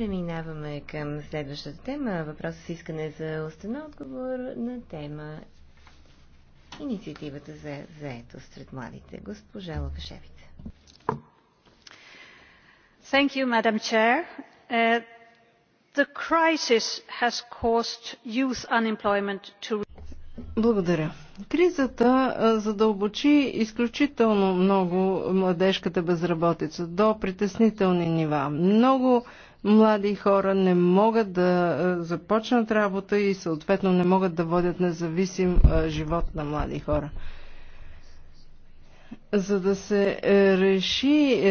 Преминаваме към следващата тема. Въпросът с искане за остана отговор на тема Инициативата за заетост сред младите. Госпожа Лукашевица. Thank you, Madam Chair. Uh, the crisis has caused youth unemployment to благодаря. Кризата задълбочи изключително много младежката безработица до притеснителни нива. Много млади хора не могат да е, започнат работа и съответно не могат да водят независим е, живот на млади хора. За да се е, реши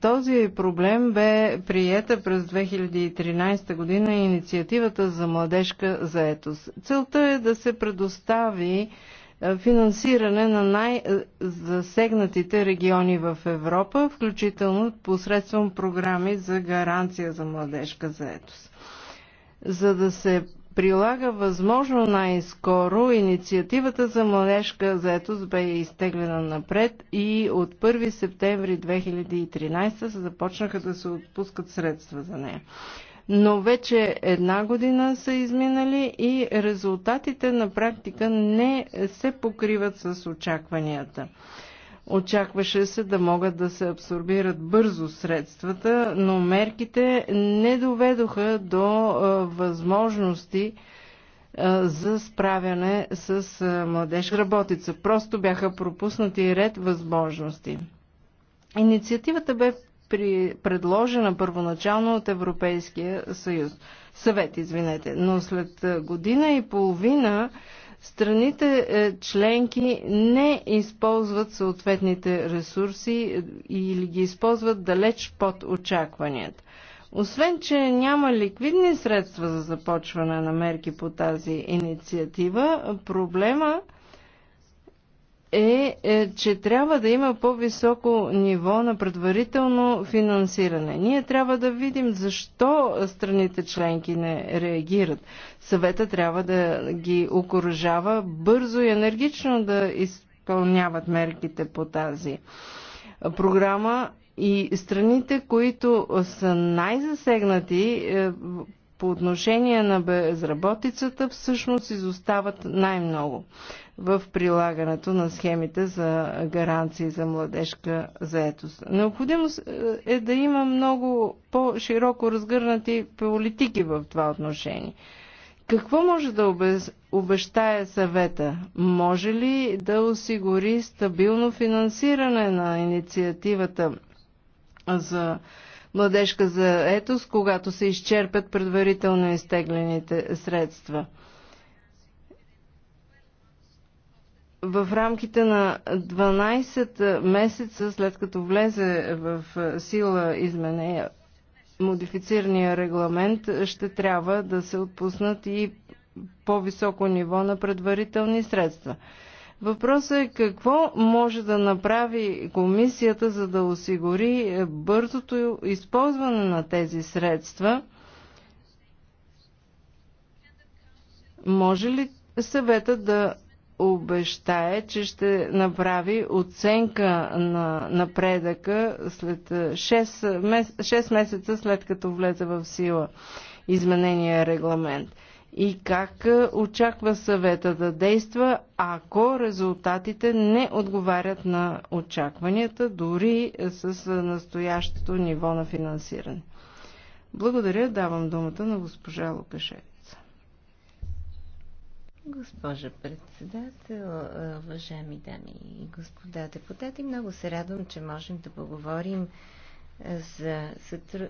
този проблем бе приета през 2013 година инициативата за младежка заетост. Целта е да се предостави е, финансиране на най-засегнатите региони в Европа, включително посредством програми за гаранция за младежка заетост. За да се прилага възможно най-скоро инициативата за младежка заетост бе изтеглена напред и от 1 септември 2013 се започнаха да се отпускат средства за нея но вече една година са изминали и резултатите на практика не се покриват с очакванията. Очакваше се да могат да се абсорбират бързо средствата, но мерките не доведоха до възможности за справяне с младеж работица. Просто бяха пропуснати ред възможности. Инициативата бе при, предложена първоначално от Европейския съюз. Съвет, извинете. Но след е, година и половина страните е, членки не използват съответните ресурси е, или ги използват далеч под очакванията. Освен, че няма ликвидни средства за започване на мерки по тази инициатива, проблема е, е, че трябва да има по-високо ниво на предварително финансиране. Ние трябва да видим защо страните членки не реагират. Съвета трябва да ги окоръжава бързо и енергично да изпълняват мерките по тази програма и страните, които са най-засегнати е, по отношение на безработицата всъщност изостават най-много в прилагането на схемите за гаранции за младежка заетост. Необходимо е да има много по-широко разгърнати политики в това отношение. Какво може да обещае съвета? Може ли да осигури стабилно финансиране на инициативата за младежка за етос, когато се изчерпят предварително изтеглените средства. в рамките на 12 месеца, след като влезе в сила изменения модифицирания регламент, ще трябва да се отпуснат и по-високо ниво на предварителни средства. Въпросът е какво може да направи комисията, за да осигури бързото използване на тези средства. Може ли съвета да обещае, че ще направи оценка на напредъка след 6, месеца след като влезе в сила изменения регламент? и как е, очаква съвета да действа, ако резултатите не отговарят на очакванията, дори с е, настоящото ниво на финансиране. Благодаря, давам думата на госпожа Лукашевица. Госпожа председател, е, уважаеми дами и господа депутати, много се радвам, че можем да поговорим за,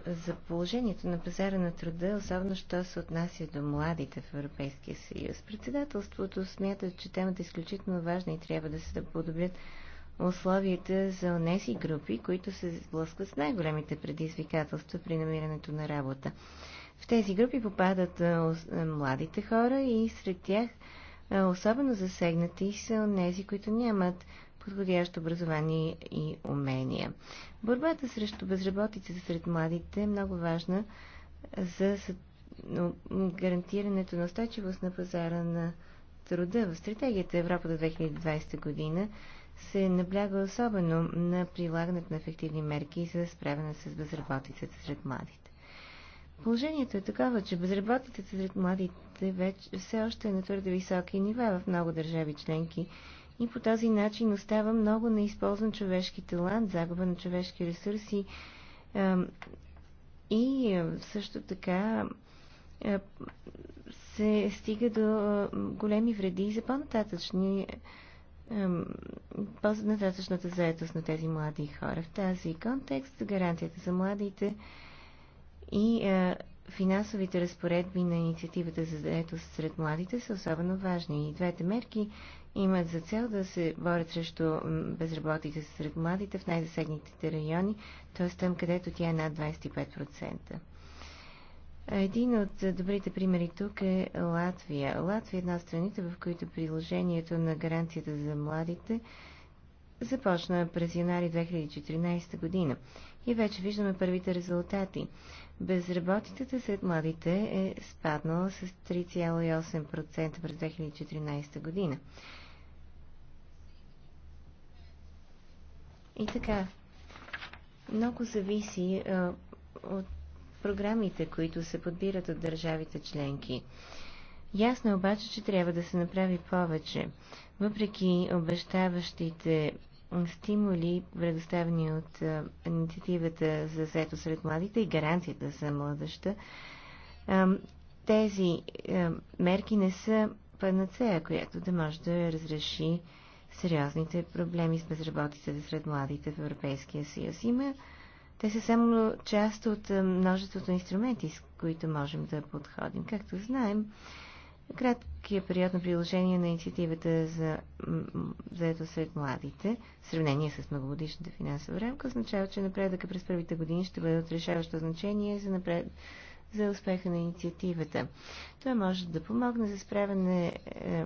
за положението на пазара на труда, особено що се отнася до младите в Европейския съюз. Председателството смята, че темата е изключително важна и трябва да се да подобрят условията за онези групи, които се сблъскват с най-големите предизвикателства при намирането на работа. В тези групи попадат младите хора и сред тях особено засегнати са онези, които нямат подходящо образование и умения. Борбата срещу безработица сред младите е много важна за гарантирането на устойчивост на пазара на труда. В стратегията Европа до 2020 година се набляга особено на прилагането на ефективни мерки за справяне с безработицата сред младите. Положението е такова, че безработицата сред младите вече все още е на твърде високи нива в много държави членки и по този начин остава много неизползван човешки талант, загуба на човешки ресурси и също така се стига до големи вреди за по-нататъчни по-нататъчната заетост на тези млади хора. В тази контекст гарантията за младите и финансовите разпоредби на инициативата за заетост сред младите са особено важни. И двете мерки имат за цел да се борят срещу безработица сред младите в най-засегнатите райони, т.е. там, където тя е над 25%. Един от добрите примери тук е Латвия. Латвия е една от страните, в които приложението на гаранцията за младите започна през януари 2014 година. И вече виждаме първите резултати. Безработицата сред младите е спаднала с 3,8% през 2014 година. И така, много зависи а, от програмите, които се подбират от държавите членки. Ясно е обаче, че трябва да се направи повече. Въпреки обещаващите стимули, предоставени от а, инициативата за заето сред младите и гаранцията за младеща, а, тези а, мерки не са панацея, която да може да разреши сериозните проблеми с безработицата сред младите в Европейския съюз. Има, те са само част от множеството инструменти, с които можем да подходим. Както знаем, краткият период на приложение на инициативата за заето сред младите, в сравнение с многогодишната финансова рамка, означава, че напредъка през първите години ще бъде от решаващо значение за напред за успеха на инициативата. Това може да помогне за справяне е,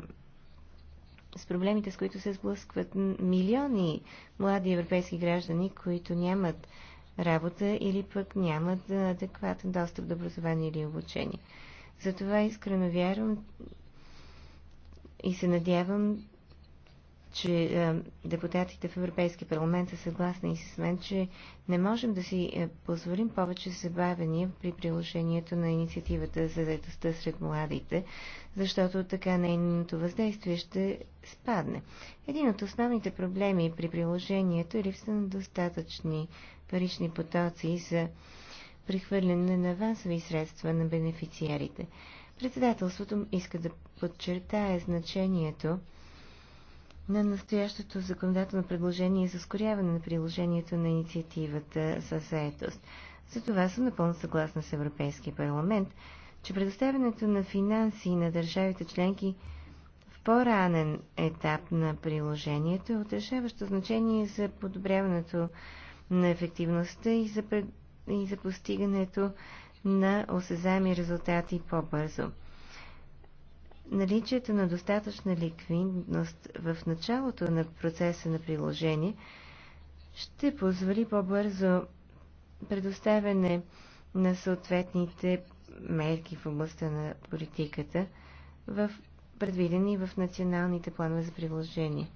с проблемите, с които се сблъскват милиони млади европейски граждани, които нямат работа или пък нямат адекватен достъп до образование или обучение. Затова искрено вярвам и се надявам, че е, депутатите в Европейския парламент са съгласни и с мен, че не можем да си е, позволим повече забавения при приложението на инициативата за заедостта сред младите, защото така нейното въздействие ще спадне. Един от основните проблеми при приложението е липса на достатъчни парични потоци за прехвърляне на авансови средства на бенефициарите. Председателството иска да подчертае значението на настоящото законодателно предложение за ускоряване на приложението на инициативата за заетост. За това съм напълно съгласна с Европейския парламент, че предоставянето на финанси на държавите членки в по-ранен етап на приложението е отрешаващо значение за подобряването на ефективността и за, пред... и за постигането на осезаеми резултати по-бързо наличието на достатъчна ликвидност в началото на процеса на приложение ще позволи по-бързо предоставяне на съответните мерки в областта на политиката, в, предвидени в националните планове за приложение.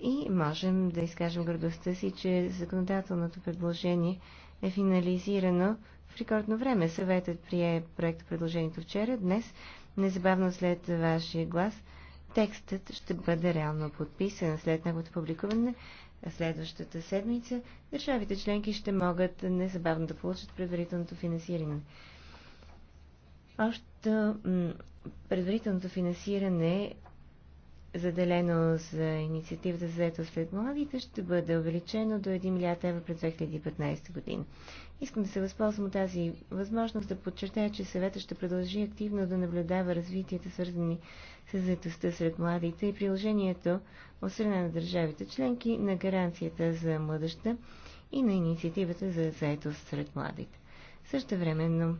И можем да изкажем гордостта си, че законодателното предложение е финализирано рекордно време. Съветът прие проекта предложението вчера. Днес, незабавно след вашия глас, текстът ще бъде реално подписан. След неговото публикуване следващата седмица държавите членки ще могат незабавно да получат предварителното финансиране. Още предварителното финансиране заделено за инициативата за заето след младите, ще бъде увеличено до 1 милиард евро през 2015 година. Искам да се възползвам от тази възможност да подчертая, че съвета ще продължи активно да наблюдава развитията, свързани с заетостта сред младите и приложението от страна на държавите членки на гаранцията за младеща и на инициативата за заетост сред младите. Също времено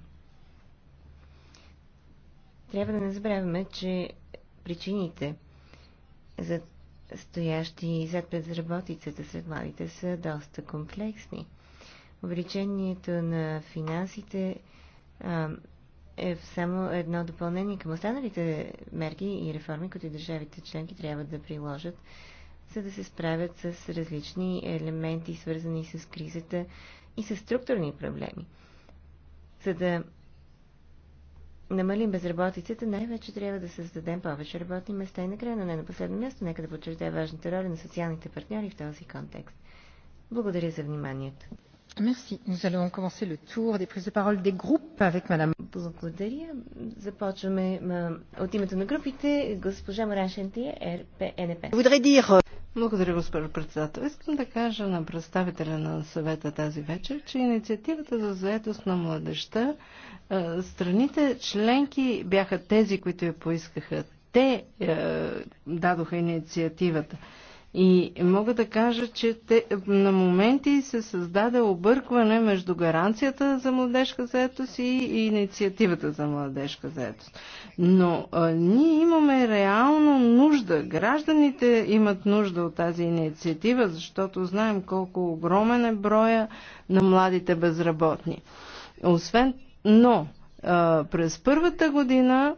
трябва да не забравяме, че причините – за стоящи зад безработицата сред младите са доста комплексни. Увеличението на финансите а, е само едно допълнение към останалите мерки и реформи, които държавите членки трябва да приложат, за да се справят с различни елементи, свързани с кризата и с структурни проблеми. За да намалим безработицата, най-вече трябва да създадем повече работни места и накрая, но не на последно място, нека да подчертая важната роля на социалните партньори в този контекст. Благодаря за вниманието. Merci. Nous allons commencer le tour des prises de parole des groupes avec madame. Благодаря. Започваме от името на групите госпожа Маран Шентия, е voudrais dire благодаря, госпожо председател. Искам да кажа на представителя на съвета тази вечер, че инициативата за заедост на младеща, страните членки бяха тези, които я поискаха. Те дадоха инициативата. И мога да кажа, че те, на моменти се създаде объркване между гаранцията за младежка заетост и инициативата за младежка заетост. Но а, ние имаме реално нужда. Гражданите имат нужда от тази инициатива, защото знаем колко огромен е броя на младите безработни. Освен, но а, през първата година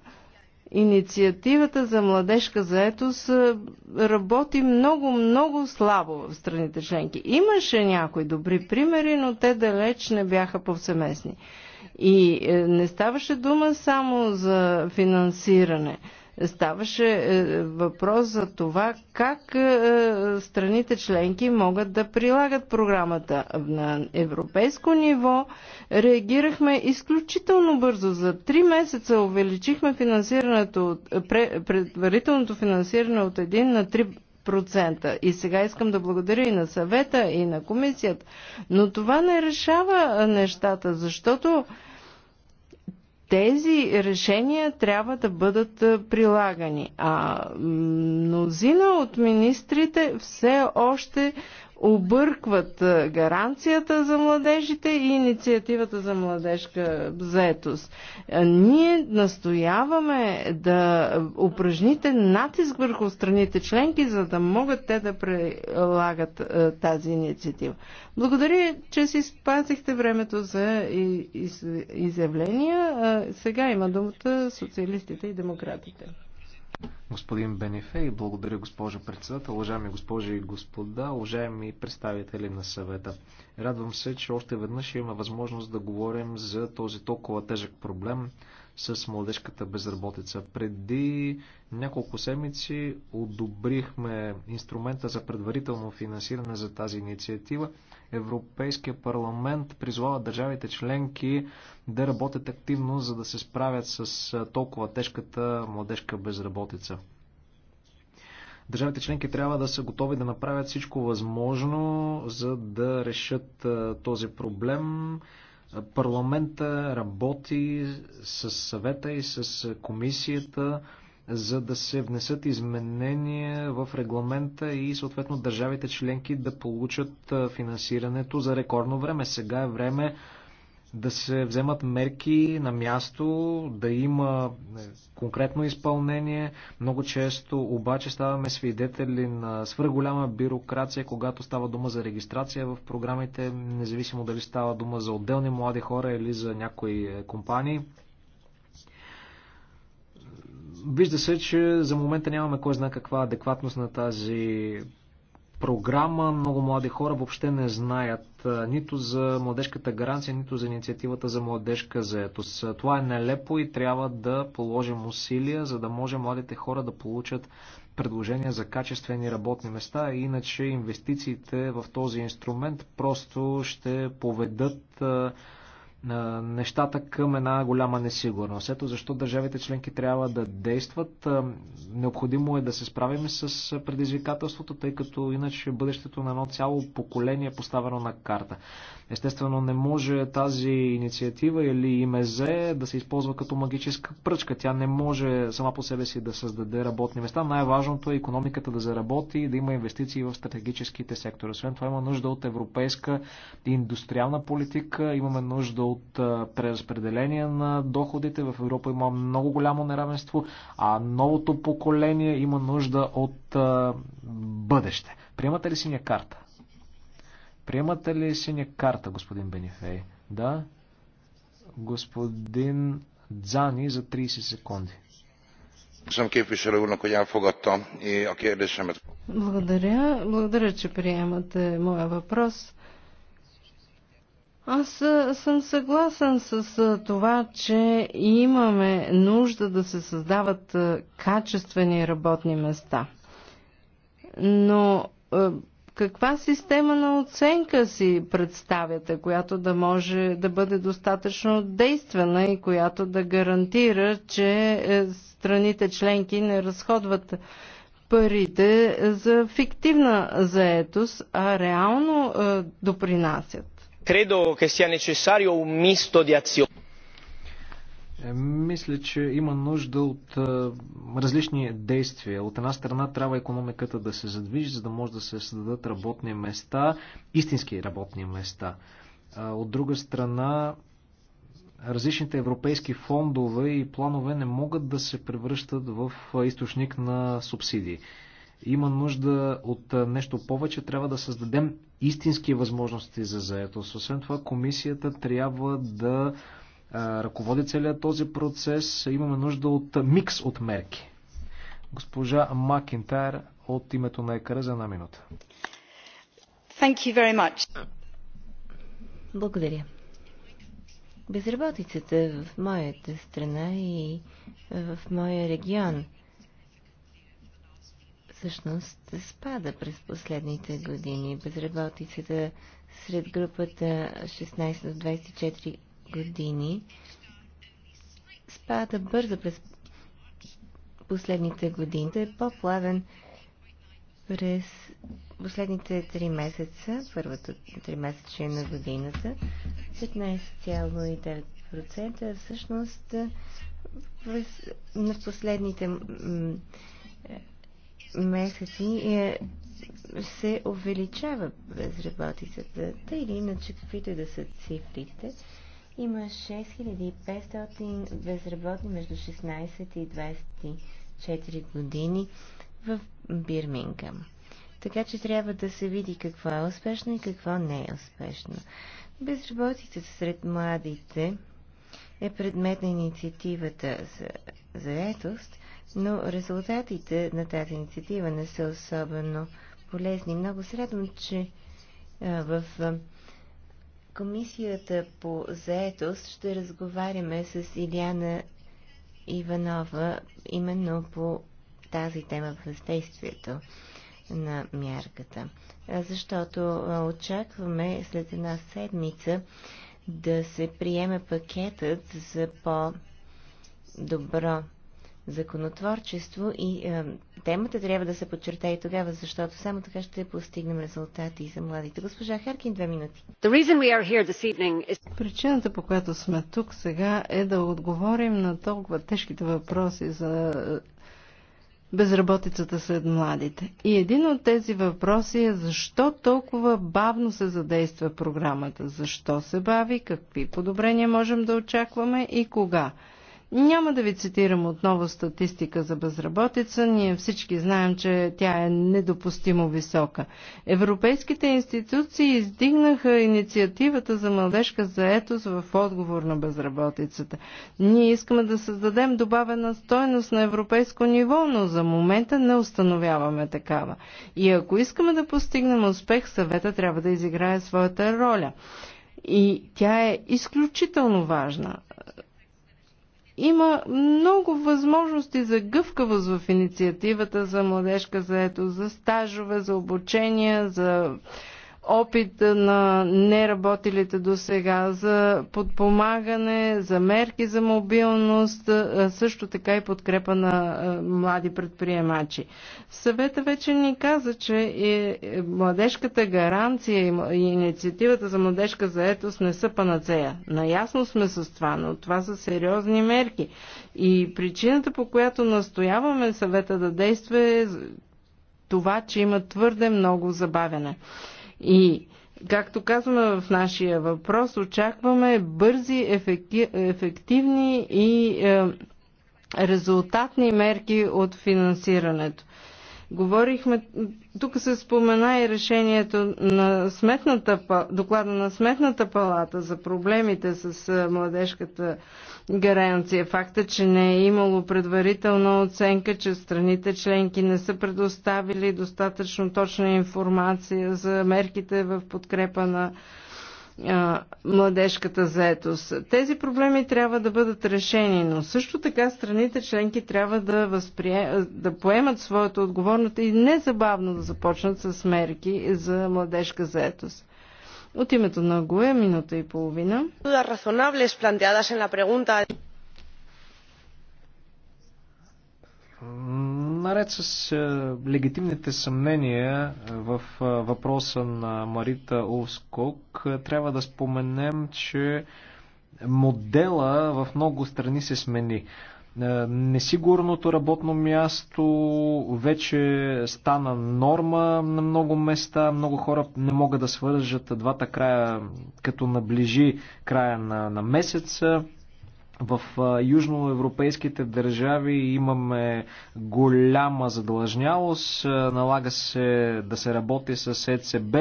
инициативата за младежка заетост е, работи много, много слабо в страните членки. Имаше някои добри примери, но те далеч не бяха повсеместни. И е, не ставаше дума само за финансиране. Ставаше е, въпрос за това как е, страните членки могат да прилагат програмата. На европейско ниво реагирахме изключително бързо. За три месеца увеличихме финансирането, предварителното финансиране от 1 на 3 И сега искам да благодаря и на съвета, и на комисията. Но това не решава нещата, защото тези решения трябва да бъдат прилагани. А мнозина от министрите все още объркват гаранцията за младежите и инициативата за младежка заетост. Ние настояваме да упражните натиск върху страните членки, за да могат те да прилагат тази инициатива. Благодаря, че си спазихте времето за изявления. Сега има думата социалистите и демократите господин Бенефей. Благодаря, госпожо председател, уважаеми госпожи и господа, уважаеми представители на съвета. Радвам се, че още веднъж имаме възможност да говорим за този толкова тежък проблем с младежката безработица. Преди няколко седмици одобрихме инструмента за предварително финансиране за тази инициатива. Европейския парламент призвава държавите членки да работят активно, за да се справят с толкова тежката младежка безработица. Държавите членки трябва да са готови да направят всичко възможно, за да решат този проблем Парламента работи с съвета и с комисията, за да се внесат изменения в регламента и съответно държавите членки да получат финансирането за рекордно време. Сега е време да се вземат мерки на място, да има е, конкретно изпълнение. Много често обаче ставаме свидетели на свърголяма бюрокрация, когато става дума за регистрация в програмите, независимо дали става дума за отделни млади хора или за някои е, компании. Вижда се, че за момента нямаме кой знае каква адекватност на тази програма. Много млади хора въобще не знаят нито за младежката гаранция, нито за инициативата за младежка заетост. Това е нелепо и трябва да положим усилия, за да може младите хора да получат предложения за качествени работни места, иначе инвестициите в този инструмент просто ще поведат нещата към една голяма несигурност. Ето защо държавите членки трябва да действат. Необходимо е да се справим с предизвикателството, тъй като иначе бъдещето на едно цяло поколение е поставено на карта. Естествено не може тази инициатива или ИМЗ да се използва като магическа пръчка. Тя не може сама по себе си да създаде работни места. Най-важното е економиката да заработи и да има инвестиции в стратегическите сектори. Освен това има нужда от европейска индустриална политика, имаме нужда от преразпределение на доходите. В Европа има много голямо неравенство, а новото поколение има нужда от бъдеще. Приемате ли синя карта? Приемате ли синя карта, господин Бенифей? Да. Господин Дзани за 30 секунди. Благодаря. Благодаря, че приемате моя въпрос. Аз съм съгласен с това, че имаме нужда да се създават качествени работни места. Но каква система на оценка си представяте, която да може да бъде достатъчно действена и която да гарантира, че е, страните членки не разходват парите за фиктивна заетост, а реално е, допринасят? Credo che sia necessario un misto di azioni. Е, мисля, че има нужда от е, различни действия. От една страна трябва економиката да се задвижи, за да може да се създадат работни места, истински работни места. От друга страна, различните европейски фондове и планове не могат да се превръщат в е, източник на субсидии. Има нужда от нещо повече. Трябва да създадем истински възможности за заетост. Освен това, комисията трябва да ръководи целият този процес. Имаме нужда от микс от мерки. Госпожа Макинтайр от името на екара за една минута. Thank you very much. Благодаря. Безработицата в моята страна и в моя регион всъщност спада през последните години. Безработицата сред групата 16 до 24 години спада бързо през последните години. Той е по-плавен през последните три месеца, първото три месеца на годината, 15,9%, всъщност на последните е, месеци е, се увеличава безработицата, тъй или иначе каквито да са цифрите, има 6500 безработни между 16 и 24 години в Бирмингам. Така че трябва да се види какво е успешно и какво не е успешно. Безработицата сред младите е предмет на инициативата за заетост, но резултатите на тази инициатива не са особено полезни. Много се радвам, че а, в а, Комисията по заетост ще разговаряме с Иляна Иванова именно по тази тема въздействието на мярката. Защото очакваме след една седмица да се приеме пакетът за по-добро законотворчество и е, темата трябва да се подчертае и тогава, защото само така ще постигнем резултати за младите. Госпожа Харкин, две минути. Is... Причината, по която сме тук сега, е да отговорим на толкова тежките въпроси за е, безработицата сред младите. И един от тези въпроси е защо толкова бавно се задейства програмата, защо се бави, какви подобрения можем да очакваме и кога. Няма да ви цитирам отново статистика за безработица. Ние всички знаем, че тя е недопустимо висока. Европейските институции издигнаха инициативата за младежка заетост в отговор на безработицата. Ние искаме да създадем добавена стойност на европейско ниво, но за момента не установяваме такава. И ако искаме да постигнем успех, съвета трябва да изиграе своята роля. И тя е изключително важна. Има много възможности за гъвкавост в инициативата за младежка заето, за стажове, за обучение, за опит на неработилите до сега за подпомагане, за мерки за мобилност, също така и подкрепа на млади предприемачи. Съвета вече ни каза, че е, младежката гаранция и инициативата за младежка заетост не са панацея. Наясно сме с това, но това са сериозни мерки. И причината, по която настояваме съвета да действа е това, че има твърде много забавяне. И, както казваме в нашия въпрос, очакваме бързи, ефективни и е, резултатни мерки от финансирането. Говорихме, тук се спомена и решението на сметната, доклада на Сметната палата за проблемите с е, младежката гаранция. Факта, че не е имало предварителна оценка, че страните членки не са предоставили достатъчно точна информация за мерките в подкрепа на младежката заетост. Тези проблеми трябва да бъдат решени, но също така страните членки трябва да, възприе... да поемат своята отговорност и незабавно да започнат с мерки за младежка заетост. От името на ГОЕ минута и половина. Наред с легитимните съмнения в въпроса на Марита Олскок, трябва да споменем, че модела в много страни се смени. Е, несигурното работно място вече стана норма на много места. Много хора не могат да свържат двата края, като наближи края на, на месеца. В е, южноевропейските държави имаме голяма задлъжнялост, е, налага се да се работи с ЕЦБ,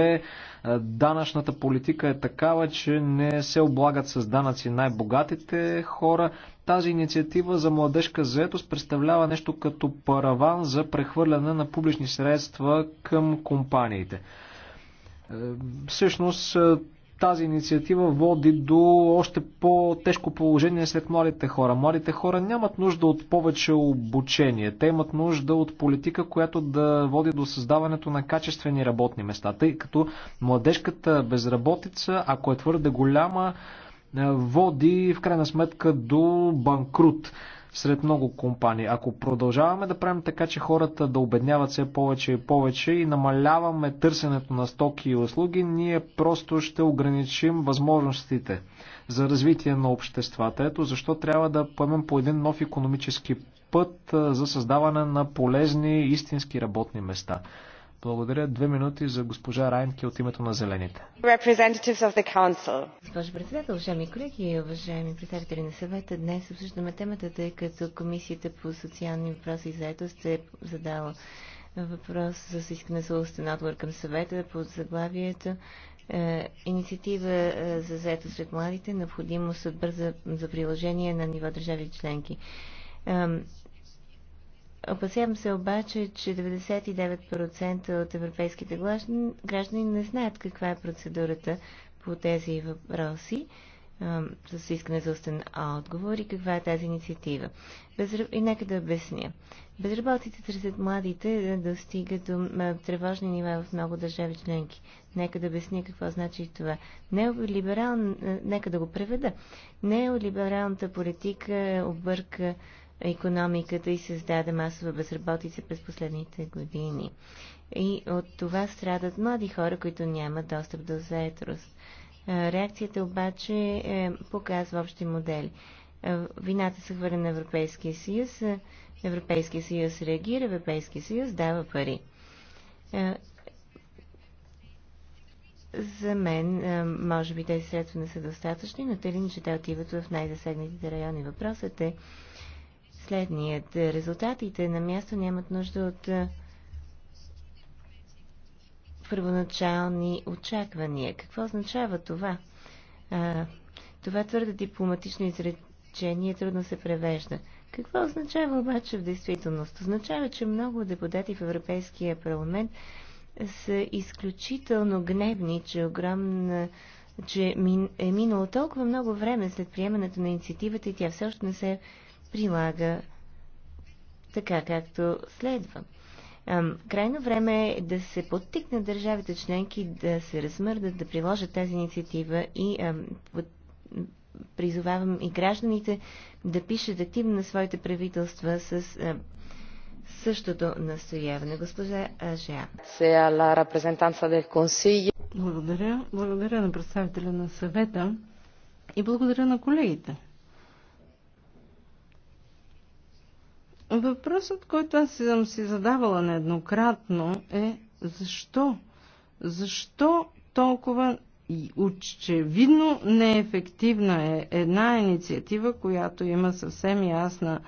Данъчната политика е такава, че не се облагат с данъци най-богатите хора. Тази инициатива за младежка заетост представлява нещо като параван за прехвърляне на публични средства към компаниите. Е, всъщност тази инициатива води до още по-тежко положение след младите хора. Младите хора нямат нужда от повече обучение. Те имат нужда от политика, която да води до създаването на качествени работни места. Тъй като младежката безработица, ако е твърде голяма, е, води в крайна сметка до банкрут сред много компании. Ако продължаваме да правим така, че хората да обедняват все повече и повече и намаляваме търсенето на стоки и услуги, ние просто ще ограничим възможностите за развитие на обществата. Ето защо трябва да поемем по един нов економически път за създаване на полезни истински работни места. Благодаря. Две минути за госпожа Райнки от името на Зелените. Госпожо председател, уважаеми колеги, уважаеми представители на съвета, днес обсъждаме темата, тъй като Комисията по социални въпроси и заедост е задала въпрос за искане за устен отговор към съвета под заглавието е, инициатива е, за заедост сред младите, необходимост от бърза за приложение на ниво държави членки. Опасявам се обаче, че 99% от европейските граждани не знаят каква е процедурата по тези въпроси с искане за устен отговор и каква е тази инициатива. Безръб... И нека да обясня. Безработите сред младите е, достига до тревожни нива в много държави членки. Нека да обясня какво значи това. Неолиберал... Е, нека да го преведа. Неолибералната политика е обърка економиката и създаде масова безработица през последните години. И от това страдат млади хора, които нямат достъп до заетост. Е, реакцията обаче е, показва общи модели. Е, вината се хвърля на Европейския съюз, Европейския съюз реагира, Европейския съюз дава пари. За мен, може би тези средства не са достатъчни, но те ли че те отиват в най-засегнатите райони. Въпросът е, следният. Резултатите на място нямат нужда от първоначални очаквания. Какво означава това? А, това твърде дипломатично изречение трудно се превежда. Какво означава обаче в действителност? Означава, че много депутати в Европейския парламент са изключително гневни, че огромна че е минало толкова много време след приемането на инициативата и тя все още не се е прилага така, както следва. Крайно време е да се подтикнат държавите членки да се размърдат, да приложат тази инициатива и призовавам и гражданите да пишат активно на своите правителства с същото настояване. Госпожа Ажа. Сега ла репрезентанца del Consiglio. Благодаря. Благодаря на представителя на съвета и благодаря на колегите. Въпросът, който аз съм си задавала нееднократно е защо? Защо толкова очевидно неефективна е една инициатива, която има съвсем ясна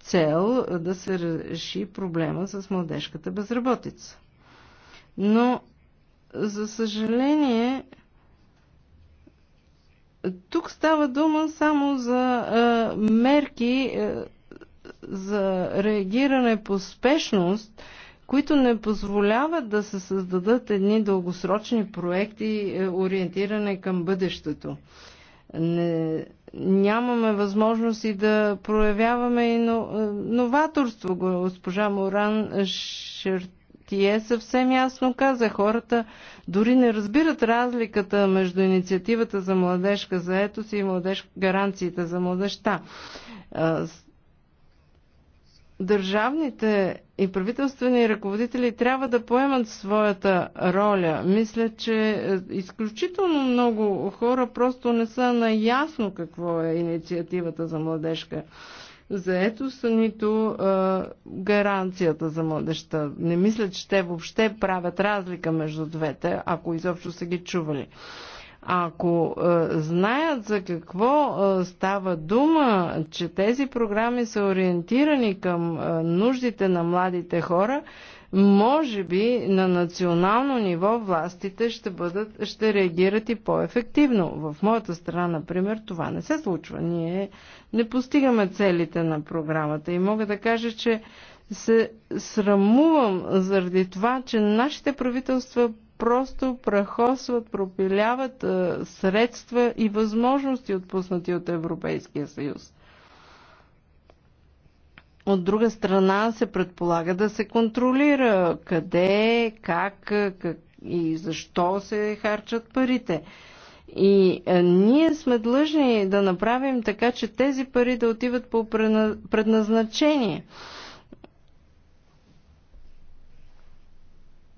цел да се реши проблема с младежката безработица. Но, за съжаление, тук става дума само за е, мерки, е, за реагиране по спешност, които не позволяват да се създадат едни дългосрочни проекти, е, ориентиране към бъдещето. Не, нямаме възможност и да проявяваме и е, новаторство. Госпожа Моран Шертие съвсем ясно каза, хората дори не разбират разликата между инициативата за младежка заетост и младеж... гаранциите за младежта. Е, държавните и правителствени ръководители трябва да поемат своята роля. Мисля, че е, изключително много хора просто не са наясно какво е инициативата за младежка заетост, нито а, е, гаранцията за младеща. Не мисля, че те въобще правят разлика между двете, ако изобщо са ги чували. Ако е, знаят за какво е, става дума, че тези програми са ориентирани към е, нуждите на младите хора, може би на национално ниво властите ще, бъдат, ще реагират и по-ефективно. В моята страна, например, това не се случва. Ние не постигаме целите на програмата и мога да кажа, че се срамувам заради това, че нашите правителства просто прахосват, пропиляват средства и възможности, отпуснати от Европейския съюз. От друга страна се предполага да се контролира къде, как, как и защо се харчат парите. И а, ние сме длъжни да направим така, че тези пари да отиват по предназначение.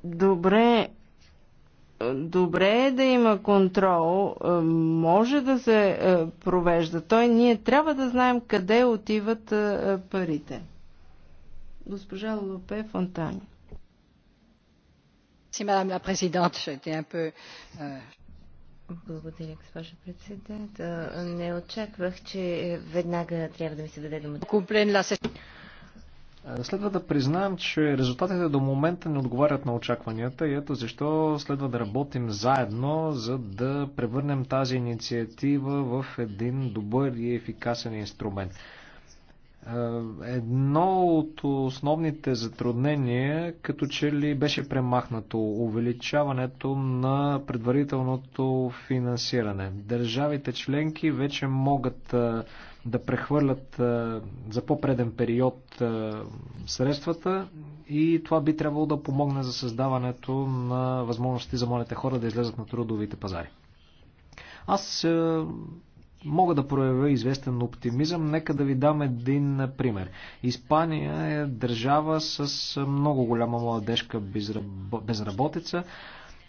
Добре, добре е да има контрол, е, може да се е, провежда той. Ние трябва да знаем къде отиват е, парите. Госпожа Лопе Фонтани. Euh, благодаря, госпожа председател. Не очаквах, че веднага трябва да ми се даде думата. Следва да признаем, че резултатите до момента не отговарят на очакванията и ето защо следва да работим заедно, за да превърнем тази инициатива в един добър и ефикасен инструмент. Е, едно от основните затруднения, като че ли беше премахнато увеличаването на предварителното финансиране. Държавите членки вече могат е, да прехвърлят за по-преден период средствата и това би трябвало да помогне за създаването на възможности за младите хора да излезат на трудовите пазари. Аз мога да проявя известен оптимизъм. Нека да ви дам един пример. Испания е държава с много голяма младежка безработица.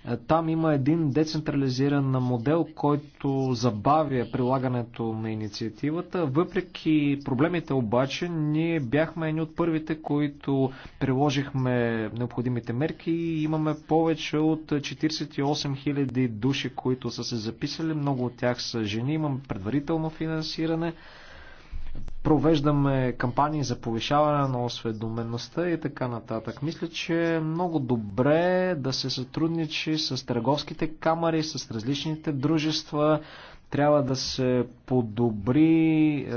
Е, там има един децентрализиран модел, който забавя прилагането на инициативата. Въпреки проблемите обаче, ние бяхме едни от първите, които приложихме необходимите мерки и имаме повече от 48 000 души, които са се записали. Много от тях са жени, имам предварително финансиране провеждаме кампании за повишаване на осведомеността и така нататък. Мисля, че е много добре да се сътрудничи с търговските камери, с различните дружества. Трябва да се подобри е,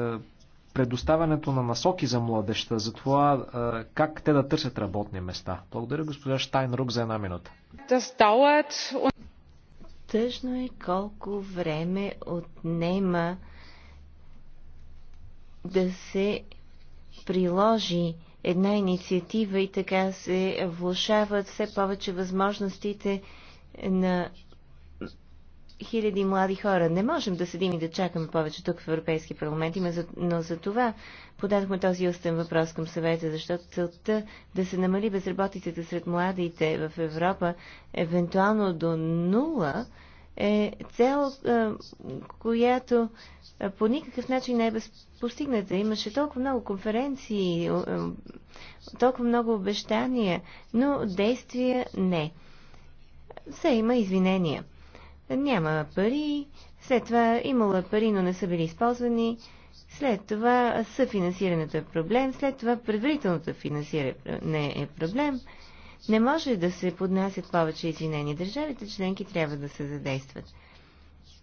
предоставянето на насоки за младеща, за това е, как те да търсят работни места. Благодаря госпожа Штайнрук за една минута. Тъжно е колко време отнема да се приложи една инициатива и така се влушават все повече възможностите на хиляди млади хора. Не можем да седим и да чакаме повече тук в Европейски парламент, но за това подадохме този устен въпрос към съвета, защото целта да се намали безработицата сред младите в Европа евентуално до нула е цел, която по никакъв начин не е постигната. Имаше толкова много конференции, толкова много обещания, но действия не. Все има извинения. Няма пари, след това имало пари, но не са били използвани, след това съфинансирането е проблем, след това предварителното финансиране е проблем. Не може да се поднасят повече извинения. Държавите членки трябва да се задействат.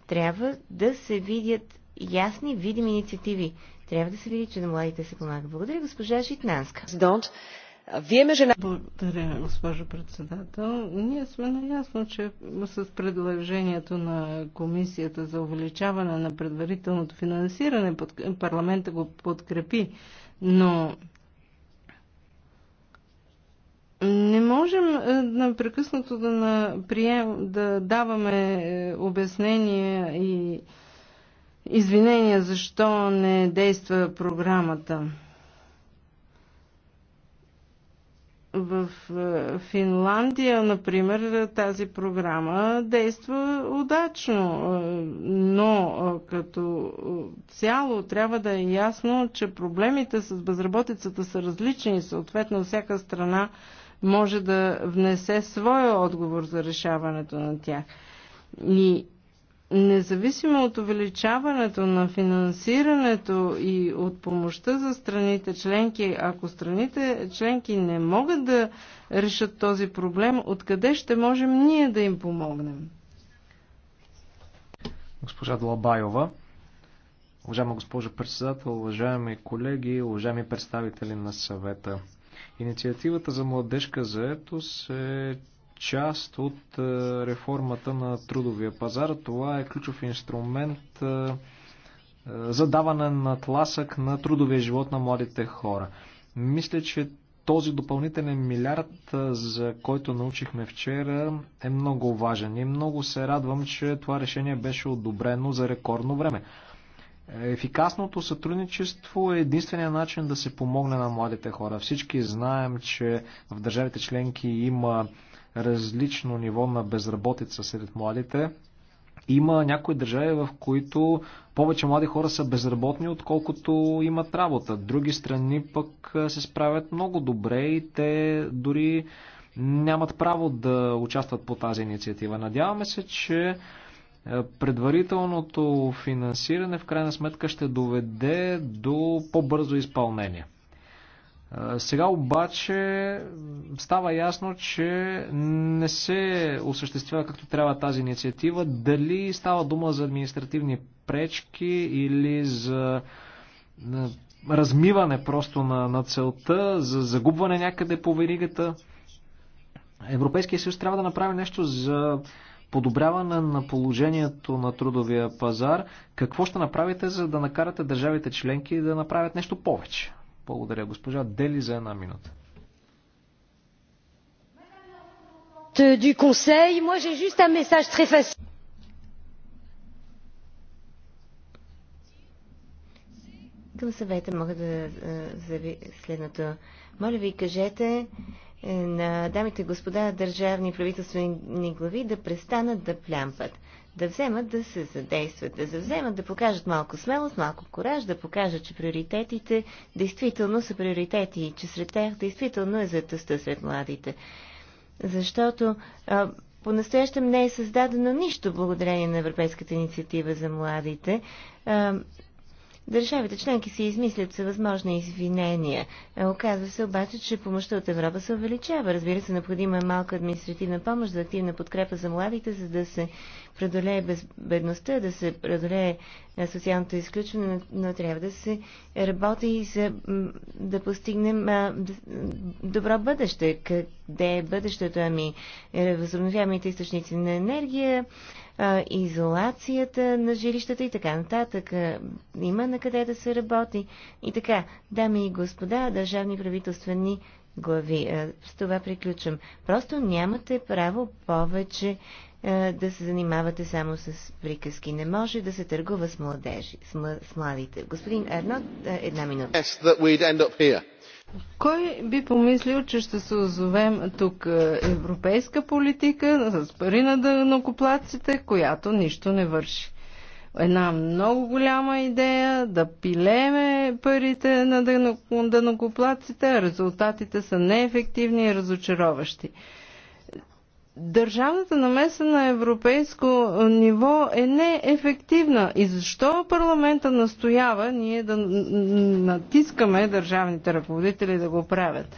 Трябва да се видят ясни, видими инициативи. Трябва да се види, че на младите се помага. Благодаря, госпожа Житнанска. Благодаря, госпожо председател. Ние сме наясно, че с предложението на Комисията за увеличаване на предварителното финансиране парламента го подкрепи, но не можем е, напрекъснато да, наприем, да даваме е, обяснения и извинения защо не действа програмата. В е, Финландия, например, тази програма действа удачно, но като цяло трябва да е ясно, че проблемите с безработицата са различни. и Съответно, всяка страна може да внесе своя отговор за решаването на тях. И независимо от увеличаването на финансирането и от помощта за страните членки, ако страните членки не могат да решат този проблем, откъде ще можем ние да им помогнем? Госпожа Длабайова, уважаема госпожа председател, уважаеми колеги, уважаеми представители на съвета. Инициативата за младежка заетост е част от е, реформата на трудовия пазар. Това е ключов инструмент е, е, за даване на тласък на трудовия живот на младите хора. Мисля, че този допълнителен милиард, за който научихме вчера, е много важен и много се радвам, че това решение беше одобрено за рекордно време. Ефикасното сътрудничество е единствения начин да се помогне на младите хора. Всички знаем, че в държавите членки има различно ниво на безработица сред младите. Има някои държави, в които повече млади хора са безработни, отколкото имат работа. Други страни пък се справят много добре и те дори нямат право да участват по тази инициатива. Надяваме се, че е, предварителното финансиране в крайна сметка ще доведе до по-бързо изпълнение. Е, сега обаче става ясно, че не се осъществява както трябва тази инициатива. Дали става дума за административни пречки или за е, размиване просто на, на целта, за загубване някъде по веригата. Европейския съюз трябва да направи нещо за подобряване на положението на трудовия пазар. Какво ще направите, за да накарате държавите членки да направят нещо повече? Благодаря, госпожа Дели, за една минута. Към съвета мога да заяви следното. Моля ви, кажете е, на дамите и господа държавни правителствени глави да престанат да плямпат, да вземат да се задействат, да завземат, да покажат малко смелост, малко кораж, да покажат, че приоритетите действително са приоритети и че сред тях действително е заетостта сред младите. Защото а, по-настоящем не е създадено нищо благодарение на Европейската инициатива за младите. А, Държавите членки си измислят всевъзможни извинения. Е, оказва се обаче, че помощта от Европа се увеличава. Разбира се, необходима е малка административна помощ за активна подкрепа за младите, за да се преодолее бедността, да се преодолее е, социалното изключване, но трябва да се работи и за, да постигнем добро бъдеще. Къде е бъдещето? Ами, е, възобновяемите източници на енергия, изолацията на жилищата и така нататък. Има на къде да се работи. И така, дами и господа, държавни правителствени глави. С това приключвам. Просто нямате право повече е, да се занимавате само с приказки. Не може да се търгува с младежи, с младите. Господин Ерно, е, една минута. Кой би помислил, че ще се озовем тук е, европейска политика с пари на дънокоплаците, която нищо не върши? Една много голяма идея да пилеме парите на дънокоплаците, а резултатите са неефективни и разочароващи държавната намеса на европейско ниво е неефективна. И защо парламента настоява ние да натискаме държавните ръководители да го правят?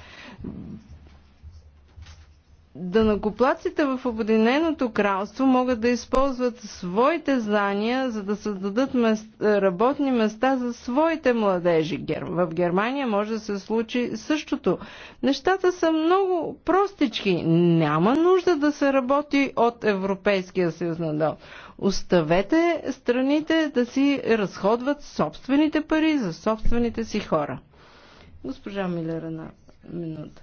Дънакоплаците в Обединеното кралство могат да използват своите знания, за да създадат мест, работни места за своите младежи. В Германия може да се случи същото. Нещата са много простички. Няма нужда да се работи от Европейския съюз надолу. Оставете страните да си разходват собствените пари за собствените си хора. Госпожа Милера на минута.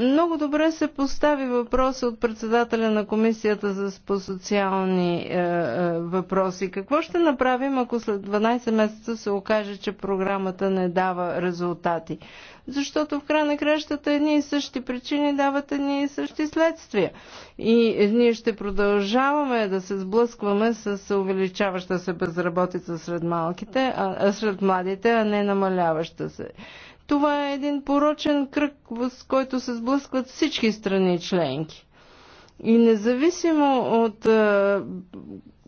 Много добре се постави въпроса от председателя на Комисията за по социални е, е, въпроси. Какво ще направим, ако след 12 месеца се окаже, че програмата не дава резултати? Защото в край на кращата едни и същи причини дават едни и същи следствия. И е, ние ще продължаваме да се сблъскваме с увеличаваща се безработица сред, малките, а, сред младите, а не намаляваща се. Това е един порочен кръг, с който се сблъскват всички страни членки. И независимо от а,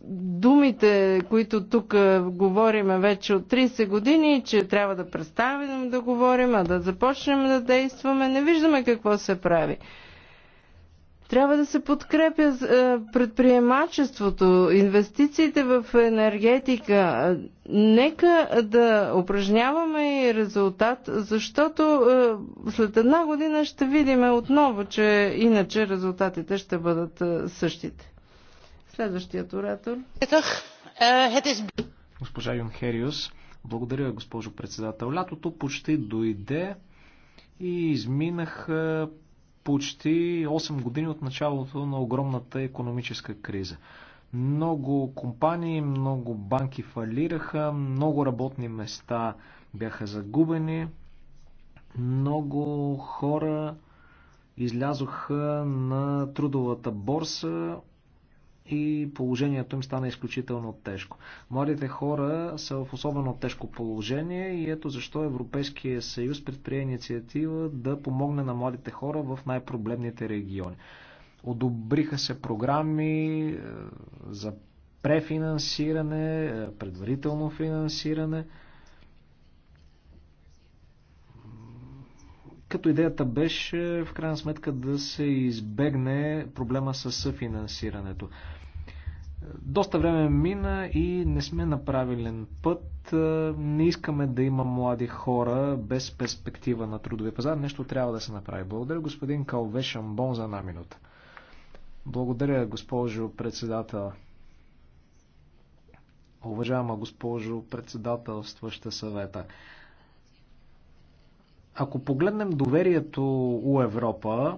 думите, които тук говориме вече от 30 години, че трябва да представим да говорим, а да започнем да действаме, не виждаме какво се прави. Трябва да се подкрепя е, предприемачеството, инвестициите в енергетика. Нека да упражняваме и резултат, защото е, след една година ще видим отново, че иначе резултатите ще бъдат е, същите. Следващият оратор. Госпожа Юнхериус, благодаря, госпожо председател. Лятото почти дойде и изминаха почти 8 години от началото на огромната економическа криза. Много компании, много банки фалираха, много работни места бяха загубени, много хора излязоха на трудовата борса, и положението им стана изключително тежко. Младите хора са в особено тежко положение и ето защо Европейския съюз предприе инициатива да помогне на младите хора в най-проблемните региони. Одобриха се програми е, за префинансиране, е, предварително финансиране. Като идеята беше в крайна сметка да се избегне проблема с съфинансирането. Доста време мина и не сме на правилен път. Не искаме да има млади хора без перспектива на трудовия пазар. Нещо трябва да се направи. Благодаря господин Калве Шамбон за една минута. Благодаря, госпожо председател. Уважаема госпожо председателстваща съвета. Ако погледнем доверието у Европа,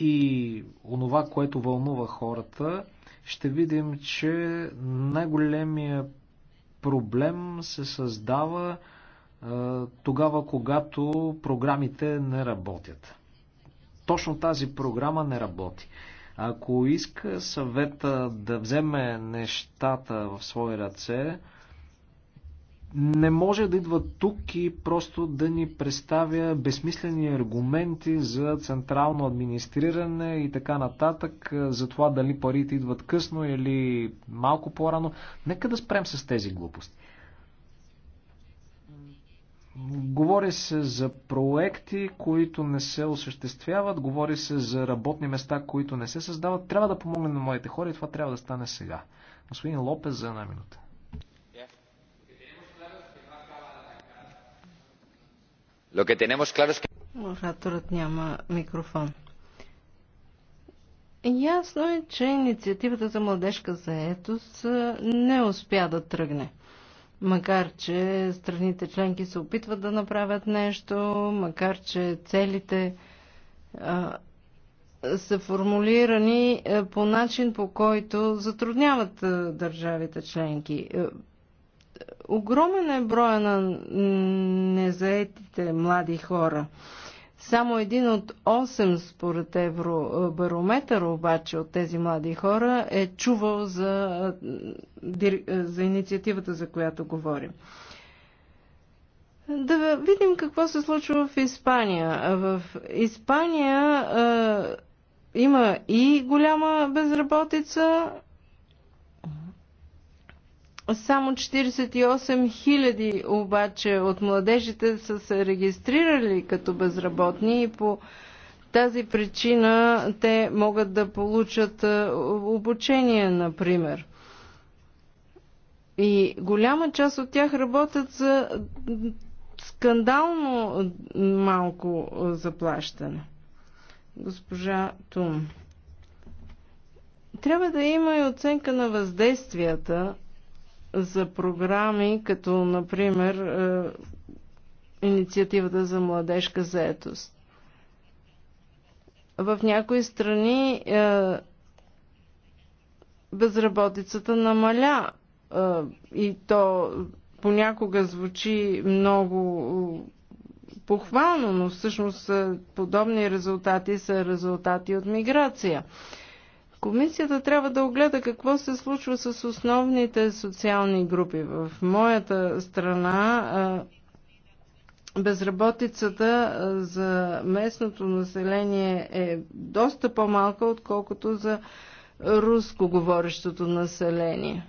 и онова, което вълнува хората, ще видим, че най-големия проблем се създава тогава, когато програмите не работят. Точно тази програма не работи. Ако иска съвета да вземе нещата в свои ръце, не може да идва тук и просто да ни представя безсмислени аргументи за централно администриране и така нататък, за това дали парите идват късно или малко по-рано. Нека да спрем с тези глупости. Говори се за проекти, които не се осъществяват, говори се за работни места, които не се създават. Трябва да помогнем на моите хора и това трябва да стане сега. Господин Лопес за една минута. Lo que tenemos claro es que... няма микрофон. Ясно е, че инициативата за младежка заетост не успя да тръгне. Макар, че страните членки се опитват да направят нещо, макар, че целите а, са формулирани по начин, по който затрудняват държавите членки огромен е броя на незаетите млади хора. Само един от 8 според Евробарометър обаче от тези млади хора е чувал за, за инициативата, за която говорим. Да видим какво се случва в Испания. В Испания е, има и голяма безработица, само 48 хиляди обаче от младежите са се регистрирали като безработни и по тази причина те могат да получат е, обучение, например. И голяма част от тях работят за скандално малко е, заплащане. Госпожа Тум. Трябва да има и оценка на въздействията за програми, като например е, инициативата за младежка заетост. В някои страни е, безработицата намаля е, и то понякога звучи много похвално, но всъщност подобни резултати са резултати от миграция. Комисията трябва да огледа какво се случва с основните социални групи. В моята страна безработицата за местното население е доста по-малка, отколкото за рускоговорещото население.